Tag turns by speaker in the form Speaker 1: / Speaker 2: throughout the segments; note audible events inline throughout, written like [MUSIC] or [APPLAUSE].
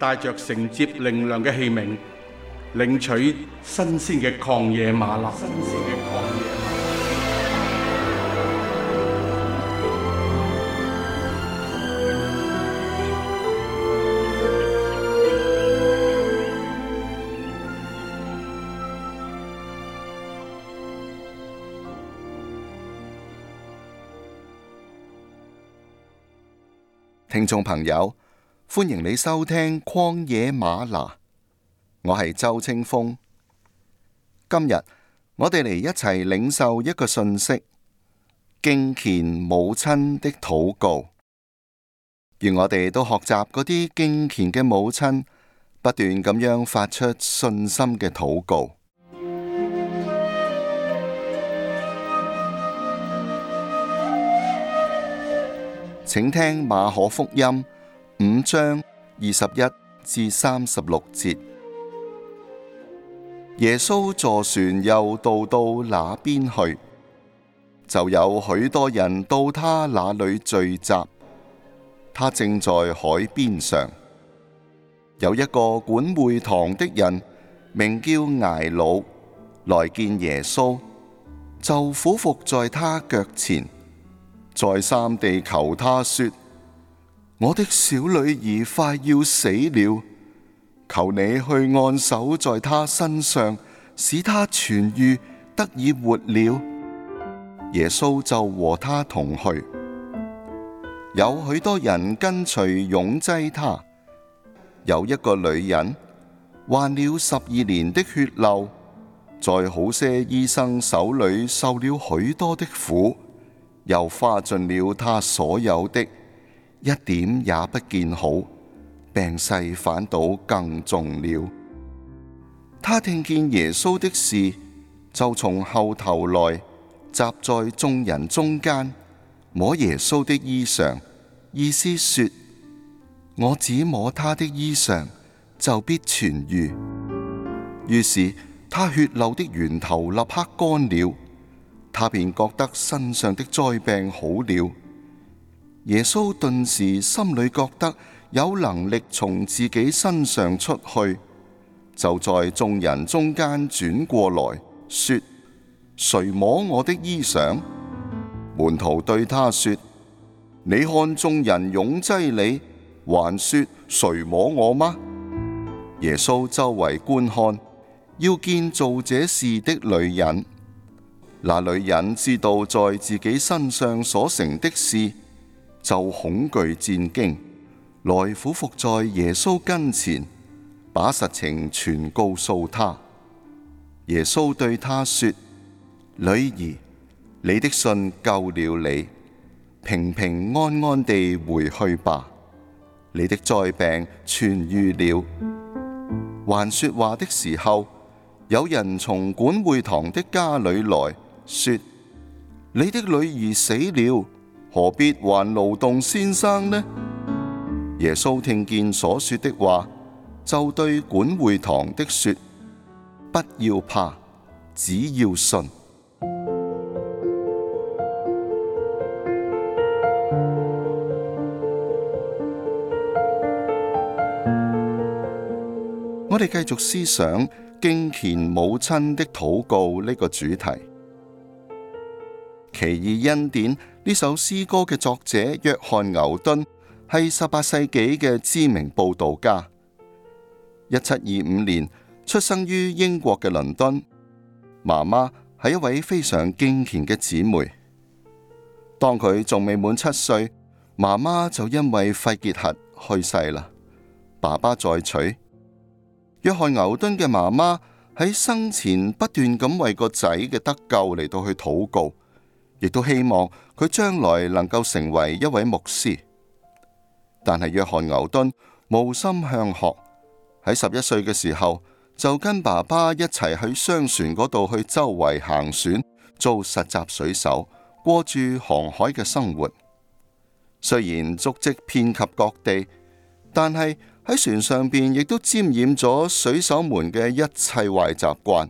Speaker 1: 帶着承接靈糧嘅器皿，領取新鮮嘅曠野嗎哪。新鮮曠野嗎哪。聽眾朋友。歡迎你收聽曠野嗎哪，我係周清風。今日我哋嚟一齊領受一個信息，敬虔母親的禱告，而我哋都學習嗰啲敬虔嘅母親，不斷咁樣發出信心嘅禱告。請聽馬可福音。五章二十一至三十六節，耶穌坐船又渡到那邊去，就有許多人到他那裏聚集。他正在海邊上，有一個管會堂的人名叫睚魯，來見耶穌，就俯伏，伏在他腳前，再三地求他說。我的小女兒快要死了，求你去按手在她身上，使她痊愈，得以活了。耶穌就和她同去，有許多人跟隨擁擠她。有一個女人患了十二年的血漏，在好些醫生手裏受了許多的苦，又花盡了她所有的。一點也不見好，病勢反倒更重了。他聽見耶穌的事，就從後頭來，雜在眾人中間，摸耶穌的衣裳，意思說：我只摸他的衣裳，就必痊愈。於是他血流的源頭立刻乾了，他便覺得身上的災病好了。耶穌頓時心裏覺得有能力從自己身上出去，就在眾人中間轉過來說：誰摸我的衣裳？門徒對他說：你看眾人擁擠你，還說誰摸我嗎？耶穌周圍觀看，要見做這事的女人。那女人知道在自己身上所成的事。就恐懼戰驚，來俯伏在耶穌跟前，把實情全告訴他。耶穌對他說：女兒，你的信救了你，平平安安地回去吧。你的災病痊愈了。還說話的時候，有人從管會堂的家裡來說：你的女兒死了。何必還勞動先生呢？耶穌聽見所說的話，就對管會堂的說：不要怕，只要信。 [MUSIC] 我哋繼續思想敬虔母親的禱告呢個主題。其二恩典。呢首詩歌嘅作者約翰牛頓係十八世紀嘅知名報道家。一七二五年出生於英國嘅倫敦，媽媽係一位非常敬虔嘅姊妹。當佢仲未滿七歲，媽媽就因為肺結核去世啦。爸爸再娶，約翰牛頓嘅媽媽喺生前不斷咁為個仔嘅得救嚟到去禱告。亦都希望佢將來能夠成為一位牧師，但係約翰牛頓無心向學，喺十一歲嘅時候就跟爸爸一齊去商船嗰度去周圍行船，做實習水手，過住航海嘅生活。雖然足跡遍及各地，但係喺船上邊亦都沾染咗水手們嘅一切壞習慣，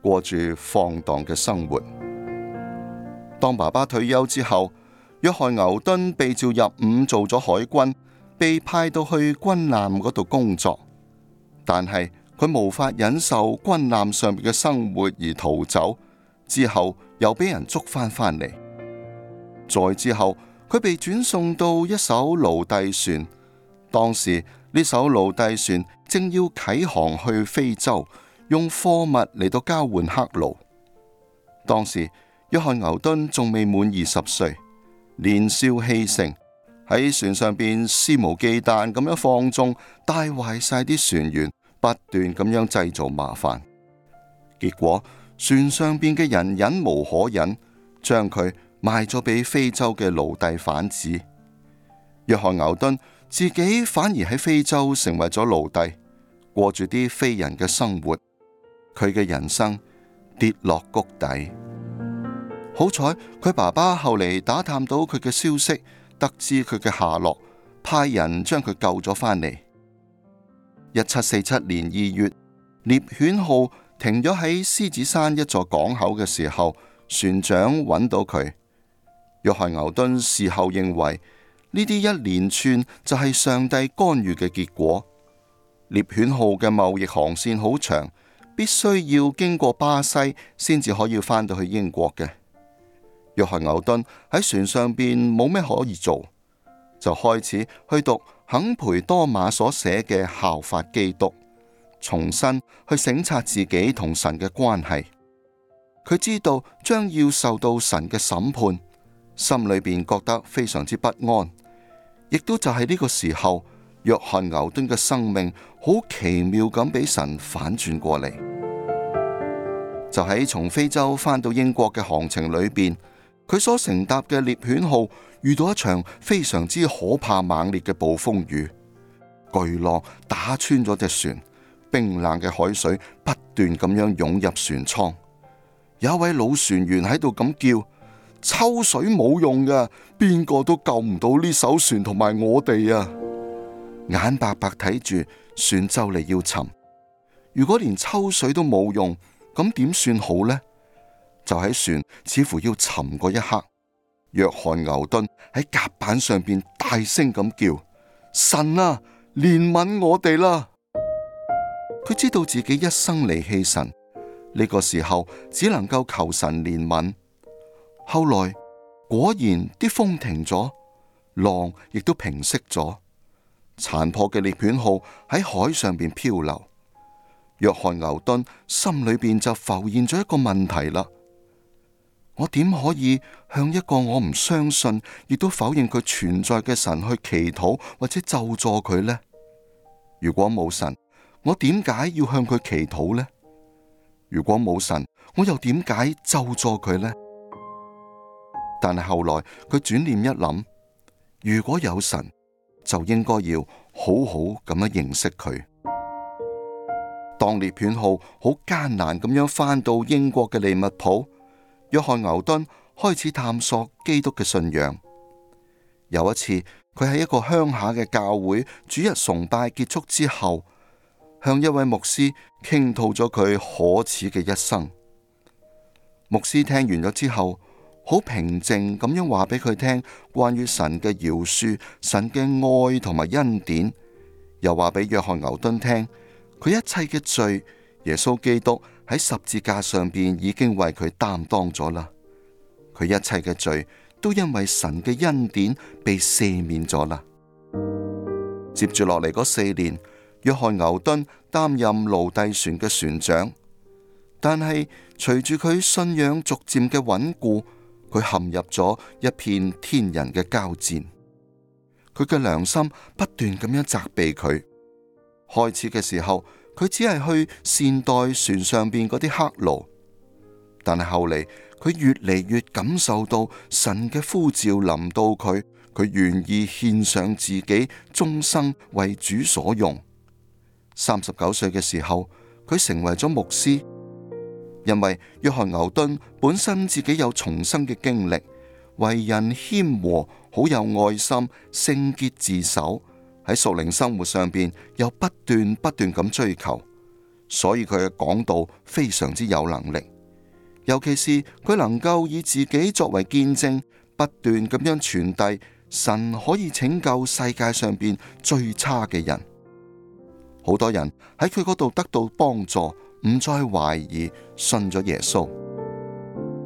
Speaker 1: 過住放蕩嘅生活。當爸爸退休之後，約翰牛頓被召入伍做咗海軍，被派到去軍艦嗰度工作。但係佢無法忍受軍艦上面嘅生活而逃走，之後又俾人捉翻翻嚟。再之後，佢被轉送到一艘奴隸船。當時呢艘奴隸船正要啟航去非洲，用貨物嚟到交換黑奴。當時。約翰牛頓仲未滿二十歲，年少氣盛，喺船上邊肆無忌憚咁樣放縱，帶壞晒啲船員，不斷咁樣製造麻煩。結果船上邊嘅人忍無可忍，將佢賣咗俾非洲嘅奴隸販子。約翰牛頓自己反而喺非洲成為咗奴隸，過住啲非人嘅生活。佢嘅人生跌落谷底。好彩，佢爸爸後嚟打探到佢嘅消息，得知佢嘅下落，派人將佢救咗翻嚟。一七四七年二月，獵犬號停咗喺獅子山一座港口嘅時候，船長揾到佢。約翰牛頓事後認為呢啲一連串就係上帝干預嘅結果。獵犬號嘅貿易航線好長，必須要經過巴西先至可以翻到去英國嘅。約翰牛頓喺船上邊冇咩可以做，就開始去讀肯培多馬所寫嘅《效法基督》，重新去省察自己同神嘅關係。佢知道將要受到神嘅審判，心裏邊覺得非常之不安。亦都就係呢個時候，約翰牛頓嘅生命好奇妙咁俾神反轉過嚟，就喺從非洲返到英國嘅行程裏邊。佢所乘搭嘅獵犬號遇到一場非常之可怕猛烈嘅暴風雨，巨浪打穿咗隻船，冰冷嘅海水不斷咁樣湧入船艙。有一位老船員喺度咁叫：抽水冇用噶，邊個都救唔到呢艘船同埋我哋啊！眼白白睇住船就嚟要沉，如果連抽水都冇用，咁點算好呢？就喺船似乎要沉嗰一刻，約翰牛頓喺甲板上邊大聲咁叫：神啊，憐憫我哋啦！佢知道自己一生離棄神呢個時候，只能夠求神憐憫。後來果然啲風停咗，浪亦都平息咗，殘破嘅獵犬號喺海上邊漂流。約翰牛頓心裏邊就浮現咗一個問題啦。我點可以向一個我唔相信亦都否認佢存在嘅神去祈禱或者咒詛佢呢？如果冇神，我點解要向佢祈禱呢？如果冇神，我又點解咒詛佢呢？但係後來佢轉念一諗，如果有神，就應該要好好咁樣認識佢。當獵犬號好艱難咁樣翻到英國嘅利物浦。約翰牛頓開始探索基督嘅信仰。有一次，佢喺一個鄉下嘅教會主日崇拜結束之後，向一位牧師傾吐咗佢可恥嘅一生。牧師聽完咗之後，好平靜咁樣話俾佢聽關於神嘅饒恕、神嘅愛同埋恩典，又話俾約翰牛頓聽佢一切嘅罪，耶穌基督。喺十字架上邊已經為佢擔當咗啦，佢一切嘅罪都因為神嘅恩典被赦免咗啦。接住落嚟嗰四年，約翰牛頓擔任奴隸船嘅船長，但係隨住佢信仰逐漸嘅穩固，佢陷入咗一片天人嘅交戰，佢嘅良心不斷咁樣責備佢。開始嘅時候，佢只係去善待船上邊嗰啲黑奴，但係後嚟佢越嚟越感受到神嘅呼召臨到佢，佢願意獻上自己終生為主所用。三十九歲嘅時候，佢成為咗牧師，因為約翰牛頓本身自己有重生嘅經歷，為人謙和，好有愛心，聖潔自守。喺屬靈生活上邊又不斷不斷咁追求，所以佢嘅講道非常之有能力，尤其是佢能夠以自己作為見證，不斷咁樣傳遞神可以拯救世界上邊最差嘅人。好多人喺佢嗰度得到幫助，唔再懷疑信咗耶穌。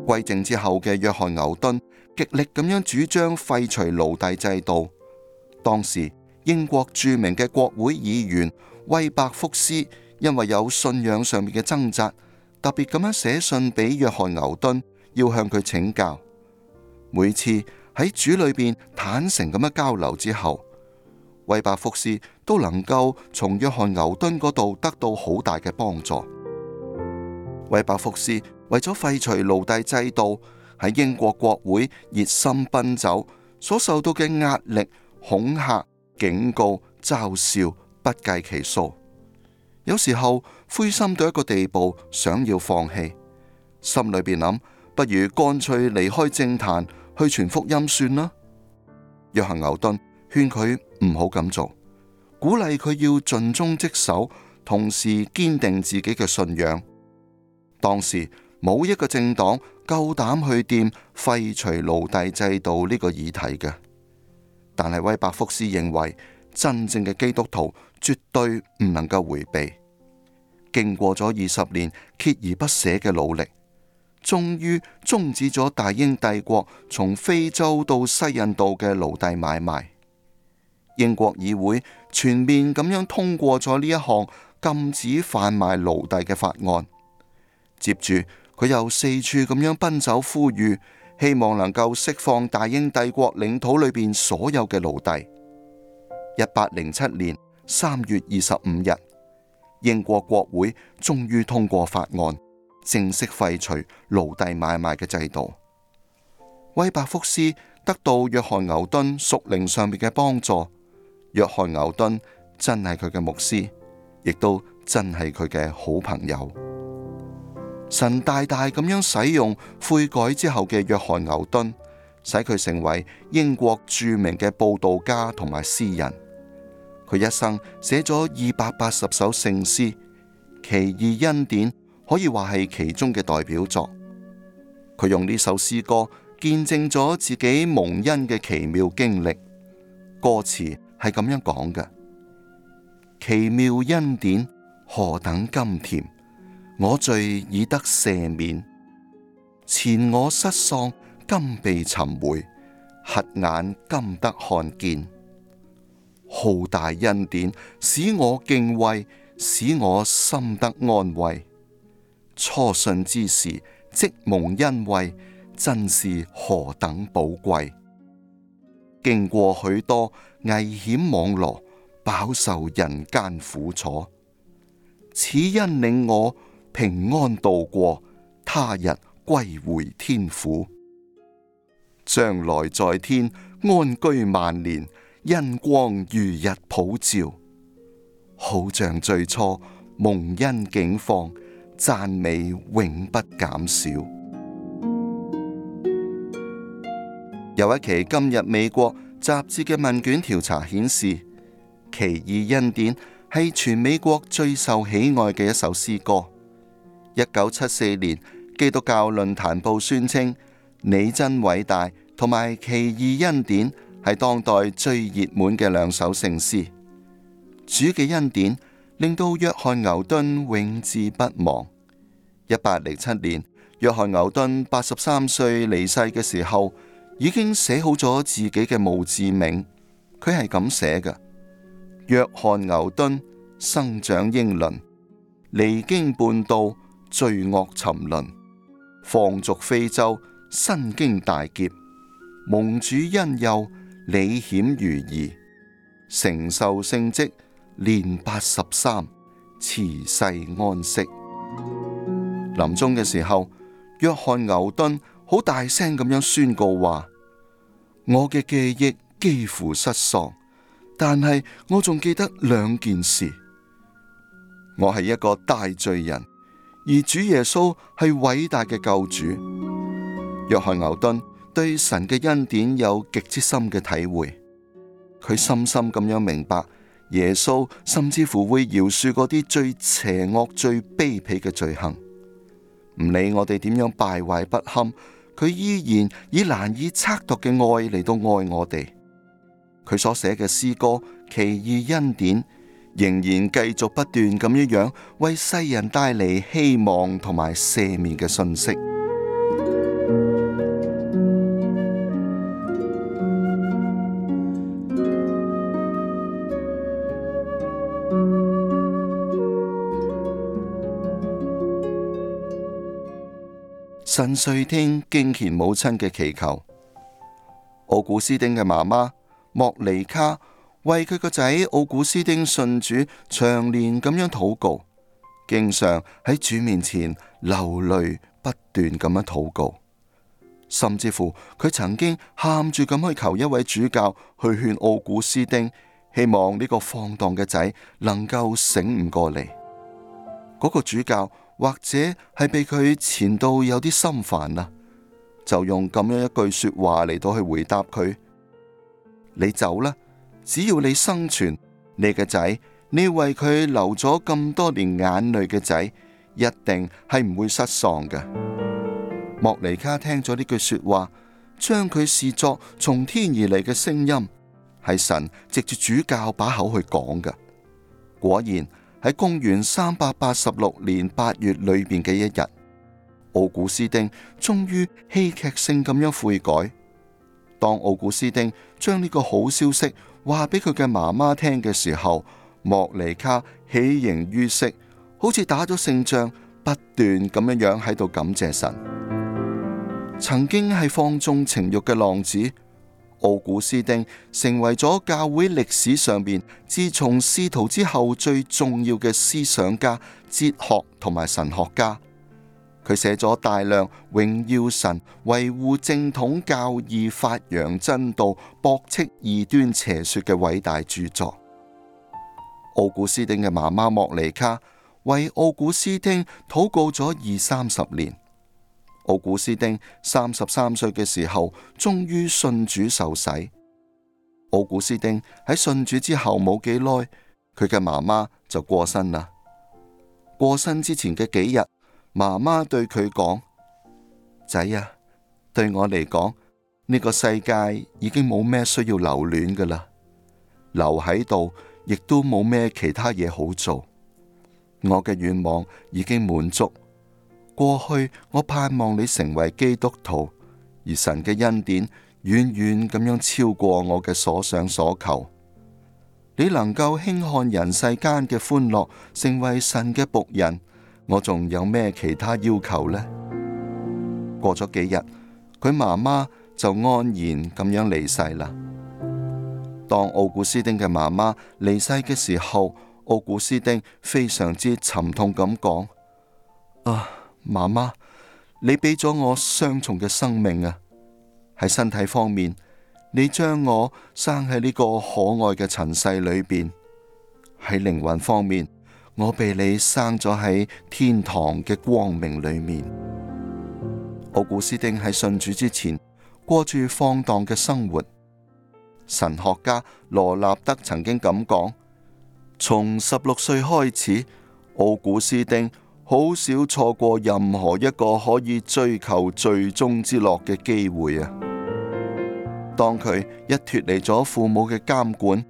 Speaker 1: 歸正之後嘅約翰牛頓極力咁樣主張廢除奴隸制度，當時。英國著名嘅國會議員威伯福斯，因為有信仰上面嘅掙扎，特別咁樣寫信俾約翰牛頓，要向佢請教。每次喺主裏邊坦誠咁樣交流之後，威伯福斯都能夠從約翰牛頓嗰度得到好大嘅幫助。威伯福斯為咗廢除奴隸制度，喺英國國會熱心奔走，所受到嘅壓力恐嚇。警告、嘲笑不計其數，有時候灰心到一個地步，想要放棄，心裏邊諗，不如乾脆離開政壇去傳福音算啦。約翰牛頓勸佢唔好咁做，鼓勵佢要盡忠職守，同時堅定自己嘅信仰。當時冇一個政黨夠膽去掂廢除奴隸制度呢個議題嘅。但係威伯福斯認為，真正嘅基督徒絕對唔能夠回避。經過咗二十年鍥而不捨嘅努力，終於終止咗大英帝國從非洲到西印度嘅奴隸買賣。英國議會全面咁樣通過咗呢一項禁止販賣奴隸嘅法案。接住佢又四處咁樣奔走呼籲。希望能夠釋放大英帝國領土裏邊所有嘅奴隸。一八零七年三月二十五日，英國國會終於通過法案，正式廢除奴隸買賣嘅制度。威伯福斯得到約翰牛頓屬靈上面嘅幫助，約翰牛頓真係佢嘅牧師，亦都真係佢嘅好朋友。神大大咁樣使用悔改之後嘅約翰牛頓，使佢成為英國著名嘅報道家同埋詩人。佢一生寫咗二百八十首聖詩，奇異恩典可以話係其中嘅代表作。佢用呢首詩歌見證咗自己蒙恩嘅奇妙經歷。歌詞係咁樣講嘅：奇妙恩典，何等甘甜。我罪已得赦免，前我失喪，今被尋回，瞎眼今得看見，浩大恩典使我敬畏，使我心得安慰。初信之時即蒙恩惠，真是何等寶貴！經過許多危險網絡，飽受人間苦楚，此恩領我。平安度過，他日歸回天府，將來在天安居萬年，恩光如日普照，好像最初蒙恩景況，讚美永不減少。 [MUSIC] 有一期今日美國雜誌嘅問卷調查顯示，奇異恩典係全美國最受喜愛嘅一首詩歌。一九七四年，《基督教論壇報》宣稱《你真偉大》同埋《奇異恩典》係當代最熱門嘅兩首聖詩。主嘅恩典令到約翰牛頓永誌不忘。一八零七年，約翰牛頓八十三歲離世嘅時候，已經寫好咗自己嘅墓誌銘。佢係咁寫嘅：約翰牛頓生長英倫，離經叛道。罪惡沉淪，放逐非洲，身經大劫，蒙主恩佑，履險如夷，承受聖職，年八十三，辭世安息。臨終嘅時候，約翰牛頓好大聲咁樣宣告話：「我嘅記憶幾乎失喪，但係我仲記得兩件事。我係一個大罪人。而主耶穌係偉大嘅救主。約翰牛頓對神嘅恩典有極之深嘅體會，佢深深咁樣明白耶穌甚至乎會饒恕嗰啲最邪惡、最卑鄙嘅罪行，唔理我哋點樣敗壞不堪，佢依然以難以測度嘅愛嚟到愛我哋。佢所寫嘅詩歌《奇異恩典》，仍然繼續不斷咁樣樣，為世人帶嚟希望同埋赦免嘅信息。神垂聽敬虔母親嘅祈求，奧古斯丁嘅媽媽莫尼卡。為佢個仔奧古斯丁信主，長年咁樣禱告，經常喺主面前流淚，不斷咁樣禱告，甚至乎佢曾經喊住咁去求一位主教去勸奧古斯丁，希望呢個放蕩嘅仔能夠醒悟過嚟。嗰個主教或者係被佢纏到有啲心煩啦，就用咁樣一句說話嚟到去回答佢：你走啦！只要你生存，你嘅仔，你為佢流咗咁多年眼淚嘅仔，一定係唔會失喪嘅。莫尼卡聽咗呢句說話，將佢視作從天而嚟嘅聲音，係神藉住主教把口去講嘅。果然喺公元三百八十六年八月裏邊嘅一日，奧古斯丁終於戲劇性咁樣悔改。當奧古斯丁將呢個好消息，話俾佢嘅媽媽聽嘅時候，莫尼卡喜形於色，好似打咗勝仗，不斷咁樣樣喺度感謝神。曾經係放縱情欲嘅浪子奧古斯丁，成為咗教會歷史上邊自從使徒之後最重要嘅思想家、哲學同埋神學家。佢寫咗大量榮耀神、維護正統教義、發揚真道、駁斥異端邪說嘅偉大著作。奧古斯丁嘅媽媽莫尼卡為奧古斯丁禱告咗二三十年。奧古斯丁三十三歲嘅時候，終於信主受洗。奧古斯丁喺信主之後冇幾耐，佢嘅媽媽就過身啦。過身之前嘅幾日。媽媽對佢講：仔呀，對我嚟講，呢個世界已經冇咩需要留戀噶啦，留喺度亦都冇咩其他嘢好做。我嘅願望已經滿足。過去我盼望你成為基督徒，而神嘅恩典遠遠咁樣超過我嘅所想所求。你能夠輕看人世間嘅歡樂，成為神嘅僕人。我仲有咩其他要求呢？過咗幾日，佢媽媽就安然咁樣離世啦。當奧古斯丁嘅媽媽離世嘅時候，奧古斯丁非常之沉痛咁講：啊，媽媽，你俾咗我雙重嘅生命啊！喺身體方面，你將我生喺呢個可愛嘅塵世裏邊；喺靈魂方面。我被你生咗喺天堂嘅光明裏面。奧古斯丁喺信主之前過住放蕩嘅生活。神學家羅納德曾經咁講，從十六歲開始，奧古斯丁好少錯過任何一個可以追求罪中之樂嘅機會啊。當佢一脫離咗父母嘅監管。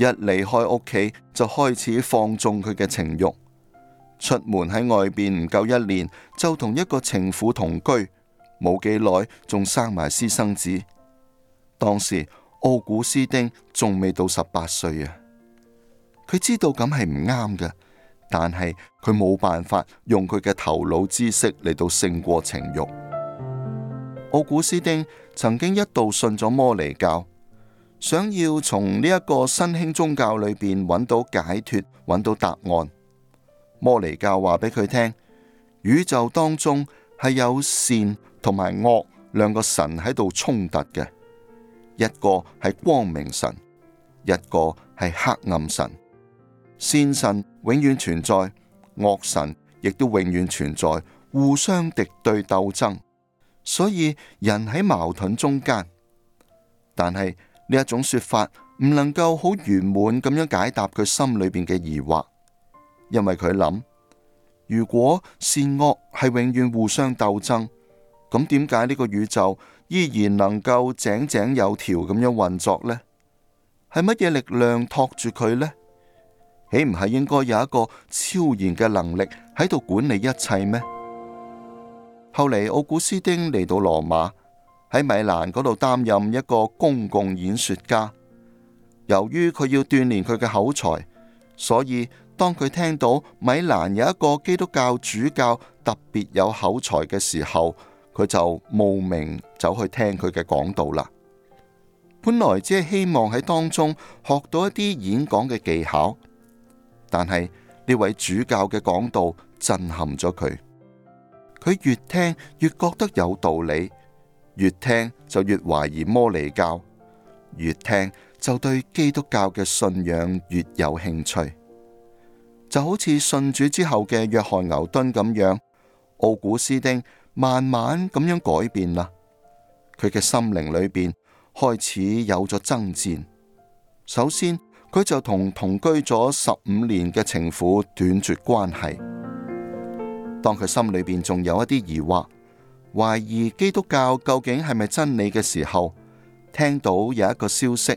Speaker 1: 一離開屋企，就開始放縱佢嘅情欲，出門喺外邊唔夠一年就同一個情婦同居，冇幾耐仲生埋私生子。當時奧古斯丁仲未到十八歲啊，佢知道咁係唔啱嘅，但係佢冇辦法用佢嘅頭腦知識嚟到勝過情欲。奧古斯丁曾經一度信咗摩尼教。想要從呢一個新興宗教裏邊揾到解脱，揾到答案。摩尼教話俾佢聽，宇宙當中係有善同埋惡兩個神喺度衝突嘅，一個係光明神，一個係黑暗神。善神永遠存在，惡神亦都永遠存在，互相敵對鬥爭。所以人喺矛盾中間，但係。呢一種說法唔能夠好圓滿咁樣解答佢心裏邊嘅疑惑，因為佢諗，如果善惡係永遠互相鬥爭，咁點解呢個宇宙依然能夠井井有條咁樣運作呢？係乜嘢力量托住佢呢？豈唔係應該有一個超然嘅能力喺度管理一切咩？後嚟奧古斯丁嚟到羅馬。喺米蘭嗰度擔任一個公共演說家。由於佢要鍛煉佢嘅口才，所以當佢聽到米蘭有一個基督教主教特別有口才嘅時候，佢就慕名走去聽佢嘅講道啦。本來只係希望喺當中學到一啲演講嘅技巧，但係呢位主教嘅講道震撼咗佢，佢越聽越覺得有道理。越聽就越懷疑摩尼教，越聽就對基督教嘅信仰越有興趣，就好似信主之後嘅約翰牛頓咁樣，奧古斯丁慢慢咁樣改變啦，佢嘅心靈裏邊開始有咗爭戰。首先佢就同同居咗十五年嘅情婦斷絕關係，當佢心裏邊仲有一啲疑惑。懷疑基督教究竟係咪真理嘅時候，聽到有一個消息，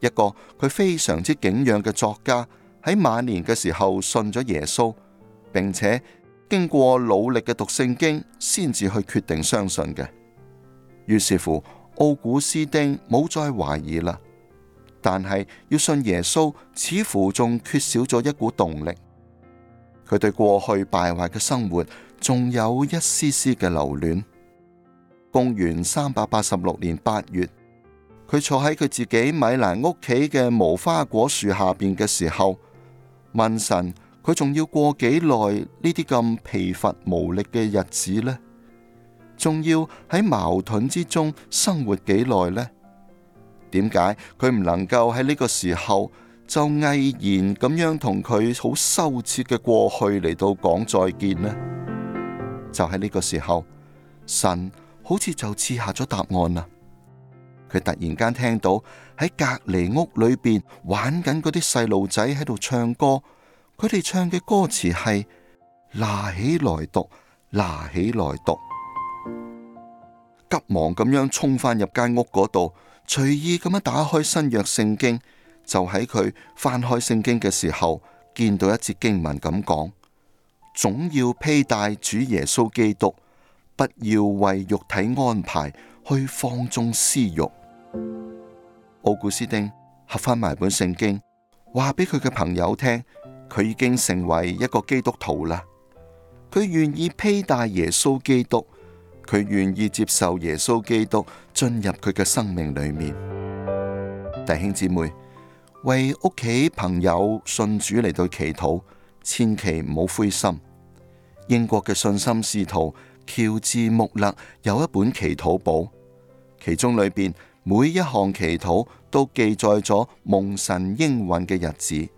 Speaker 1: 一個佢非常之敬仰嘅作家喺晚年嘅時候信咗耶穌，並且經過努力嘅讀聖經，先至去決定相信嘅。於是乎，奧古斯丁冇再懷疑啦。但係要信耶穌，似乎仲缺少咗一股動力。佢對過去敗壞嘅生活。仲有一絲絲嘅留戀。公元三百八十六年八月，佢坐喺佢自己米蘭屋企嘅無花果樹下邊嘅時候，問神：佢仲要過幾耐呢？啲咁疲乏無力嘅日子咧，仲要喺矛盾之中生活幾耐咧？點解佢唔能夠喺呢個時候就毅然咁樣同佢好羞恥嘅過去嚟到講再見咧？就喺呢個時候，神好似就賜下咗答案啦。佢突然間聽到喺隔籬屋裏邊玩緊嗰啲細路仔喺度唱歌，佢哋唱嘅歌詞係：拿起來讀，拿起來讀。急忙咁樣沖返入間屋嗰度，隨意咁樣打開新約聖經，就喺佢翻開聖經嘅時候，見到一節經文咁講。總要披戴主耶穌基督，不要為肉體安排去放縱私慾。奧古斯丁合翻埋本聖經，話俾佢嘅朋友聽，佢已經成為一個基督徒啦。佢願意披戴耶穌基督，佢願意接受耶穌基督進入佢嘅生命裏面。弟兄姊妹，為屋企朋友信主嚟到祈禱。千祈唔好灰心。英國嘅信心使徒喬治穆勒有一本祈禱簿，其中裏邊每一項祈禱都記載咗蒙神應允嘅日子，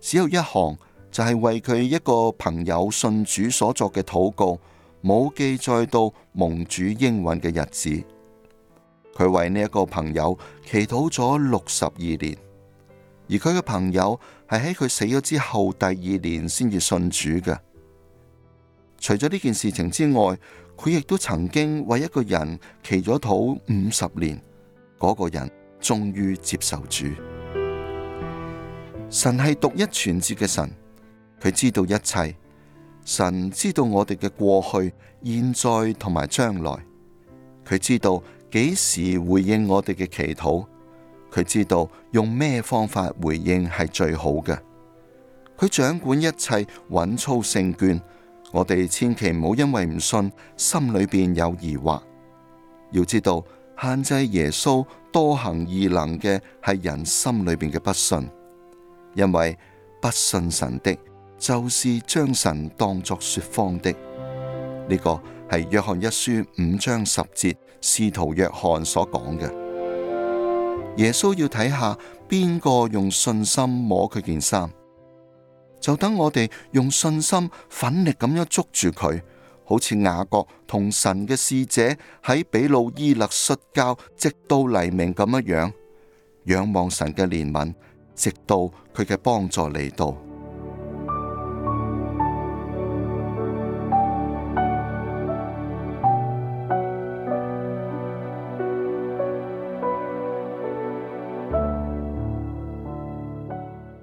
Speaker 1: 只有一項就係為佢一個朋友信主所作嘅禱告，冇記載到蒙主應允嘅日子。佢為呢一個朋友祈禱咗六十二年，而佢嘅朋友。係喺佢死咗之後第二年先至信主嘅。除咗呢件事情之外，佢亦都曾經為一個人祈咗禱五十年，嗰、那個人終於接受主。神係獨一全知嘅神，佢知道一切。神知道我哋嘅過去、現在同埋將來，佢知道幾時回應我哋嘅祈禱。佢知道用咩方法回應係最好嘅。佢掌管一切，穩操勝券。我哋千祈唔好因為唔信，心裏邊有疑惑。要知道限制耶穌多行異能嘅係人心裏邊嘅不信。因為不信神的，就是將神當作說謊的。呢個係約翰一書五章十節，使徒約翰所講嘅。耶穌要睇下邊個用信心摸佢件衫，就等我哋用信心奮力咁樣捉住佢，好似雅各同神嘅使者喺比魯伊勒摔跤，直到黎明咁樣樣，仰望神嘅憐憫，直到佢嘅幫助嚟到。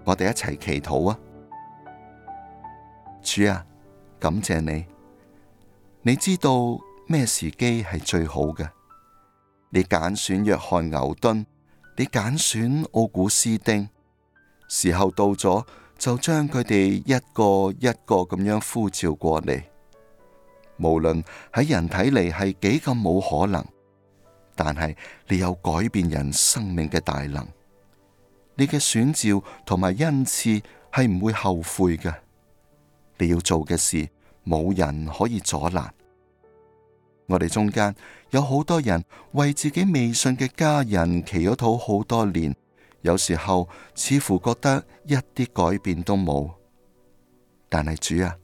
Speaker 1: 我哋一齊祈禱啊！主啊，感謝你，你知道咩時機係最好嘅。你揀選約翰牛頓，你揀選奧古斯丁，時候到咗就將佢哋一個一個咁樣呼召過嚟。無論喺人睇嚟係幾咁冇可能，但係你有改變人生命嘅大能。你嘅選召同埋恩賜係唔會後悔嘅。你要做嘅事，冇人可以阻攔。我哋中間有好多人為自己未信嘅家人祈咗禱好多年，有時候似乎覺得一啲改變都冇。但係主啊，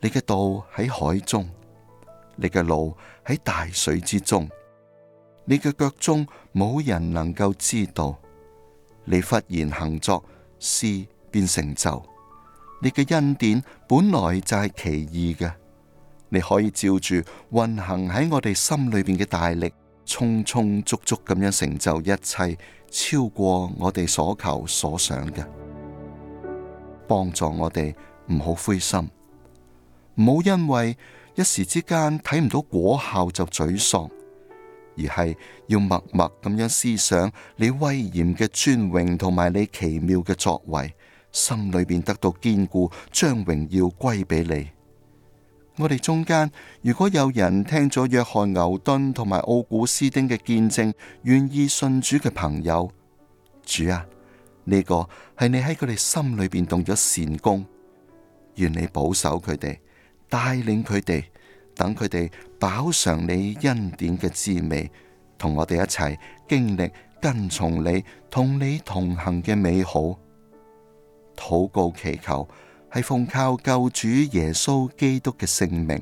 Speaker 1: 你嘅道喺海中，你嘅路喺大水之中，你嘅腳蹤冇人能夠知道。你忽然行作事便成就，你嘅恩典本來就係奇異嘅，你可以照住運行喺我哋心裏邊嘅大力，充充足足咁樣成就一切，超過我哋所求所想嘅，幫助我哋唔好灰心，唔好因為一時之間睇唔到果效就沮喪。而係要默默咁樣思想你威嚴嘅尊榮同埋你奇妙嘅作為，心裏邊得到堅固，將榮耀歸俾你。我哋中間如果有人聽咗約翰牛頓同埋奧古斯丁嘅見證，願意信主嘅朋友，主啊，呢個係你喺佢哋心裏邊動咗善功，願你保守佢哋，帶領佢哋。等佢哋飽嘗你恩典嘅滋味，同我哋一齊經歷跟從你、同你同行嘅美好。禱告祈求，係奉靠救主耶穌基督嘅聖名，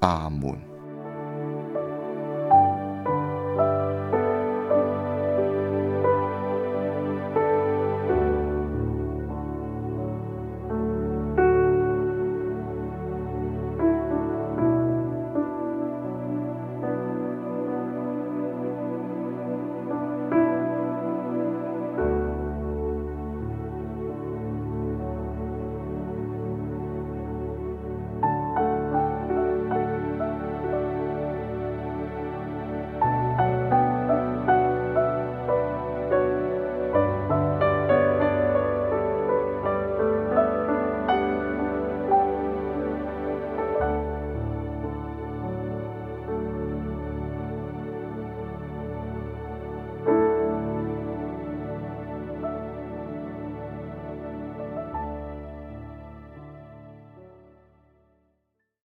Speaker 1: 阿門。